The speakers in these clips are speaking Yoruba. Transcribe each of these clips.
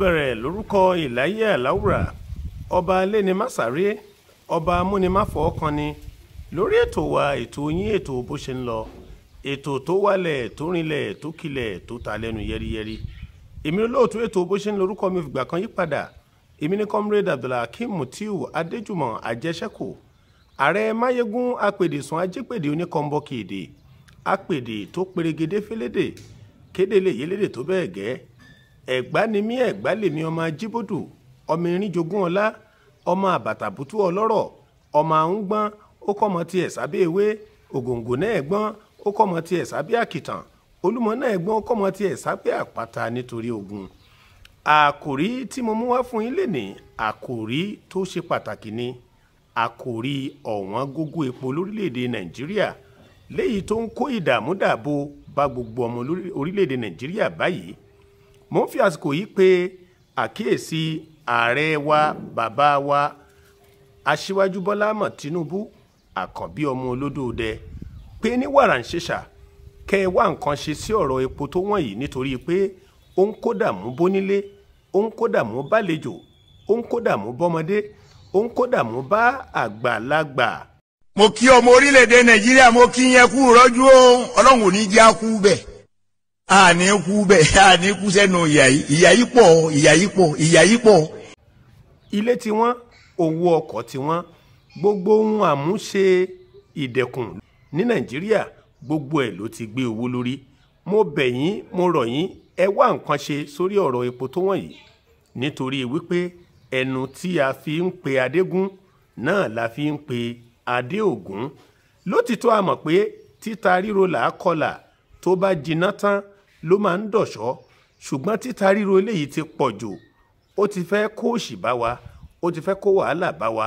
bẹ̀rẹ̀ lórúkọ ìláyé aláwùrà ọba alẹ́nimásáre ọba amúnimáfọ̀ọ́kanni lórí ètò wa ètò yín ètò bó ṣe ń lọ ètò tó wálẹ̀ tó rinlẹ̀ tó kilẹ̀ tó ta lẹ́nu yẹ́rìyẹ́rì èmi olóòtú ètò bó ṣe ń lorúkọ mi fìgbà kan yí èmi ní comrade abdulhakeem mutiu adéjùmọ̀ àjẹṣẹ́kù ààrẹ máyégún apèdèsùn ajépèdè oníkọ́ńbọ́kì èdè apèdè tó perégedé félédè kéde lè yélédè tó bẹ́ẹ̀ gẹ́ẹ́ ẹ̀gbá ni mí ẹ̀gbá lèmi ọmọ ajíbòdù ọmọ irinjogún ọlá ọmọ àbàtàbùtú ọlọ́rọ̀ ọmọ àhúngbọ́n ó kọ́mọ tiẹ̀ sábẹ́ ewé ògòǹgò náà ẹ̀gbọ́n ó kọ́mọ tiẹ̀ sábẹ́ àkìtàn olúmọ náà ẹ̀gbọ́n ó kọ́mọ tiẹ̀ sábẹ́ àpáta nítorí ogun àkòrí tí mo mú wá fún yín lénìí àkòrí tó ṣe pàtàkì ni àkòrí ọ̀wọ́n gógó epo lórílẹ̀‐èdè nàìjíríà léyìí tó ń kó ìdààmú dààbò bá gbogbo ọmọ orílẹ̀‐èdè nàìjíríà báyìí mo ń fi àsìkò yìí pe àkíyèsí ààrẹ wa bàbá wa aṣíwájú bọ́lá mọ̀ tinubu àkànbí ọmọ olódòdẹ pé ní wàràǹṣeṣà kẹ ẹ wá nǹkan ṣe sí ọ̀rọ̀ epo tó wọ́n yìí nítorí pé ó ń kó dààmú bónílé ó ń kó dààmú bálejò ó ń kó dààmú bọ́mọdé ó ń kó dààmú bá àgbàlagbà. mo kí ọmọ orílẹ̀-èdè nàìjíríà mo kí yẹn kú rọ́jú ọlọ́run ò ní jẹ́ àkú bẹ́ẹ̀ àní kú bẹ́ẹ̀ àní kú sẹ́nu ìyà yìí ìyà yìí pọ̀ ìyà yìí pọ̀ ìyà yìí pọ̀. ilé tiwọn owó ọkọ̀ tiwọn gbogbo ohun àmúṣe ìdẹ̀kùn ní nàìjíríà gbogbo ẹ̀ ló ti gbé owó lórí mo bẹ̀ yín mo rọ̀ yín ẹ wá nǹkan ṣe sórí ọ̀rọ̀ epo tó wọ̀nyí nítorí wípé ẹnu tí a fi ń pe adégún náà la fi ń pe adéògún lótìtọ́ a mọ̀ pé títa ríro làá kọlà tó bá jiná tán ló máa ń dọ̀ṣọ́ ṣùgbọ́n títa ríro eléyìí ti pọ̀ jù ó ti fẹ́ kó òṣì bá wa ó ti fẹ́ kó wàhálà bá wa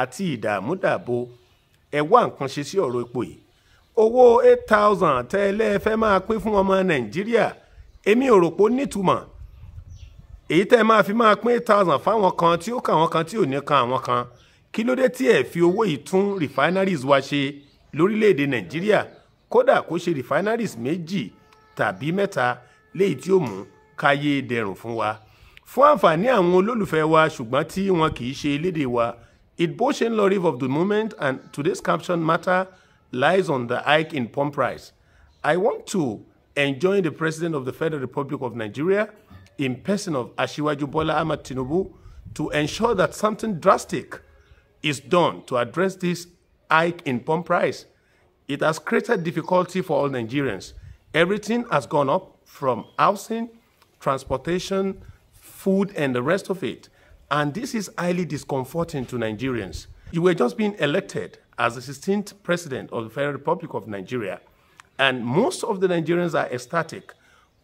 àti ìdààmú dààbò ẹ wá nǹkan ṣe sí ọ̀rọ̀ epo yìí owó eight thousand tẹ́lẹ̀ fẹ́ máa pín fún ọmọ nàìjíríà èmi ò rò pé ó nítumọ̀ èyí tẹ́ máa fi máa pín eight thousand fáwọn kan tí ó kà wọ́n kan tí ò ní kan àwọn kan kí ló dé tí ẹ fi owó yìí tún refineries wa ṣe lórílẹ̀‐èdè nàìjíríà kódà kó ṣe refineries méjì tàbí mẹ́ta léyìí tí ó mú káyé dẹrùn fún wa fún àǹfààní àwọn olólùfẹ́ wa ṣùgbọ́n tí wọn kì í ṣe wa It of the moment and today's caption matter lies on the hike in pump price. I want to enjoin the President of the Federal Republic of Nigeria in person of Ashiwaju Bola Ahmed Tinubu to ensure that something drastic is done to address this hike in pump price. It has created difficulty for all Nigerians. Everything has gone up from housing, transportation, food, and the rest of it. And this is highly discomforting to Nigerians. You were just being elected as the 16th president of the Federal Republic of Nigeria. And most of the Nigerians are ecstatic.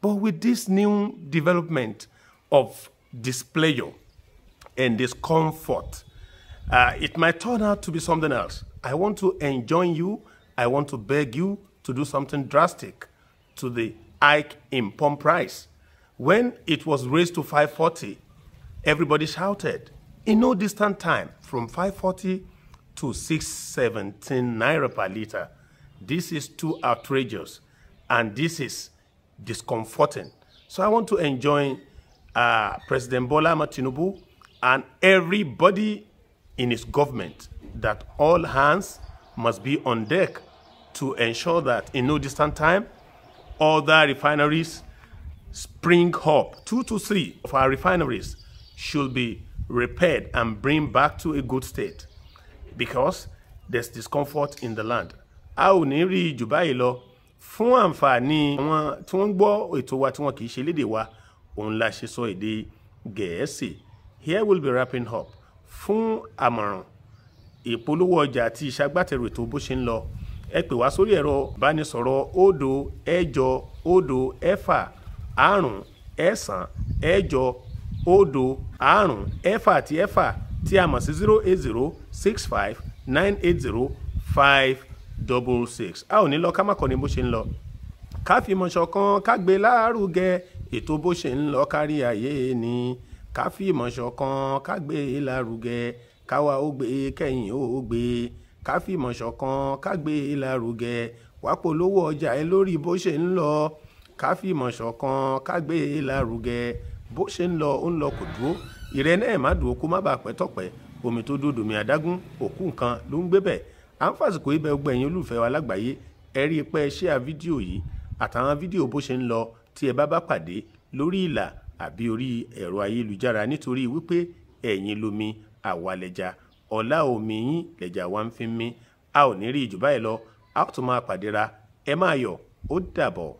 But with this new development of displeasure and discomfort, uh, it might turn out to be something else. I want to enjoin you, I want to beg you to do something drastic to the hike in pump price. When it was raised to 540, everybody shouted. In no distant time, from 540 to 617 naira per liter, this is too outrageous and this is discomforting. So I want to enjoin uh, President Bola Matinubu and everybody in his government that all hands must be on deck to ensure that in no distant time other refineries spring up. Two to three of our refineries should be repaired and bring back to a good state because there's discomfort in the land. A ò ní rí jù báyìí lọ fún àǹfààní àwọn tí wọ́n gbọ́ ètò wa tí wọ́n kì í ṣe lédè wa òun la ṣe sọ èdè Gẹ̀ẹ́sì. Here we'll be wrapping up fún àmọ̀ràn ìpolówó ọjà àti ìṣàgbàtẹ̀rù ètò bó ṣe ń lọ ẹ pè wá sórí ẹ̀rọ ìbánisọ̀rọ̀ òdo ẹ̀jọ òdo ẹ̀fà àrùn ẹ̀sán ẹ̀jọ òdo àrùn ẹ̀fà àti ẹ̀fà tí a mọ̀ sí zero eight zero six five nine eight zero five double six a ò ní lọ ká má kọ́ ni bó ṣe ń lọ ká fi ìmọ̀ ṣọ̀kan ká gbé lárugẹ ètò bó ṣe ń lọ kárí ayé ni ká fi ìmọ̀ ṣọ̀kan ká gbé lárugẹ káwa ó gbé kẹ́yìn ó gbé ká fìmọ̀ ṣọ̀kan ká gbé e lárugẹ wá polówó ọjà ẹ lórí bó ṣe ń lọ ká fìmọ̀ ṣọ̀kan ká gbé e lárugẹ bó ṣe ń lọ ó ń lọ kò dúró ìrẹ náà má dùn ó má bàa pẹ́ tọ̀pẹ́ omi tó dòdò mi àdágún òkú nǹkan ló ń gbé bẹ̀ à ń fàsìkò ibẹ̀ gbọ́ olùfẹ́ wa lágbàáyé ẹ rí i pé ẹ ṣe à fídíò yìí àtàwọn fídíò bó ṣe ń lọ tí ẹ bá bá pàdé lórí ìlà àbí orí ẹ̀rọ ayélujára nítorí wípé ẹ̀yin lomi àwalẹ̀já ọlá omi yín lẹ̀jà wa ń fi mí a ò ní rí jù báyìí lọ a tún máa pàdéra ẹ máa yọ̀ ó dàbọ̀.